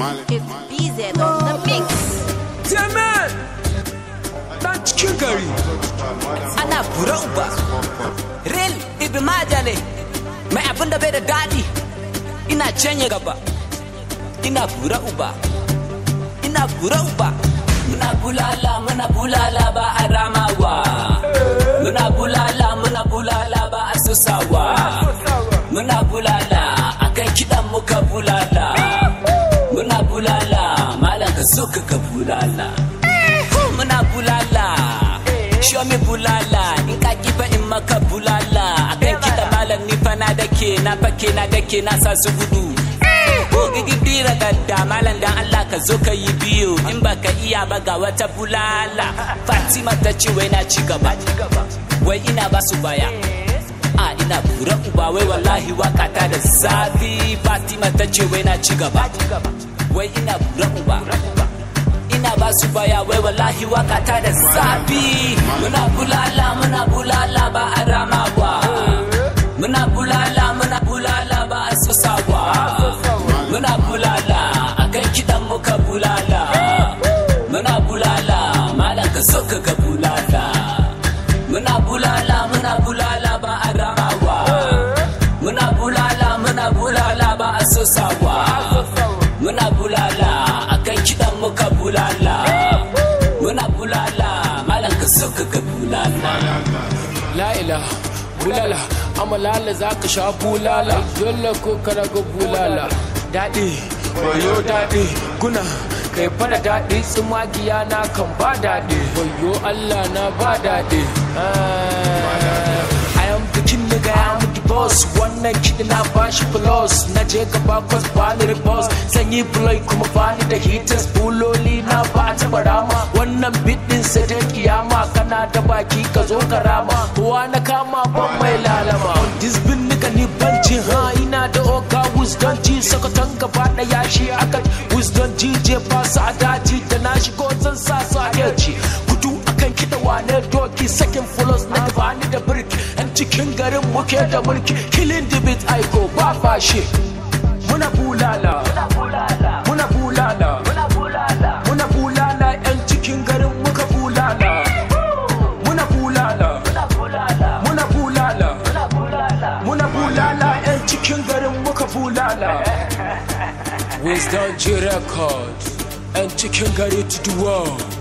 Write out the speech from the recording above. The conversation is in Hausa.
It's BZ on the mix. Yeah, man. Ben çıkın gari. uba. Real ibi majane. Mai abin da bai Ina canye gaba. Ina uba. Ina uba. Muna bulala, muna bulala ba a ramawa. Muna bulala, muna ba a susawa. Muna bulala. so ka bulala eh, muna bulala show me bulala in ka kifa in maka bulala akan kita malam ni fa na dake na fake na dake na sa su gudu ko eh, gidi ragadda malam dan Allah ka zo ka yi biyo in baka iya ba ga wata bulala Fatima ta ci wai na ci gaba wai ina ba su baya a ina bura uba wai wallahi waka ta da zafi Fatima ta ci wai na ci gaba wai ina bura uba ina ba su baya wai wallahi waka ta da zafi muna bulala muna bulala ba a ba. muna bulala muna bulala ba a ba muna bulala a kan kiɗan muka bulala muna bulala malaka ka so ka gabu sauka bulala la'ila bulala amalala za ka sha bulala yolla ko kara bulala daɗi wayo daɗi guna kai fara daɗi tsumagiya na kan ba daɗi wayo allah na ba daɗi ah. boss wannan kiɗi na bashi plus na je gaba kwas bani ribos sanyi buloy kuma bani da hitas buloli na ba ta barama wannan bidin sai dai kiyama na da baki ka zo ka rama kowa na kama ban mai lalama disbin nika ni banci ha ina da oka ji sakatan gaba da yashi wisdom ji je ba su a daji da na shigo zan sa su a yaci kudu akan kida wane doki sakin fulos na bani da birki yan cikin garin muke da mulki killing the beat aiko ba fashi muna bulala cikin garin muka bulala wisdom ji record 'yan cikin gari to the world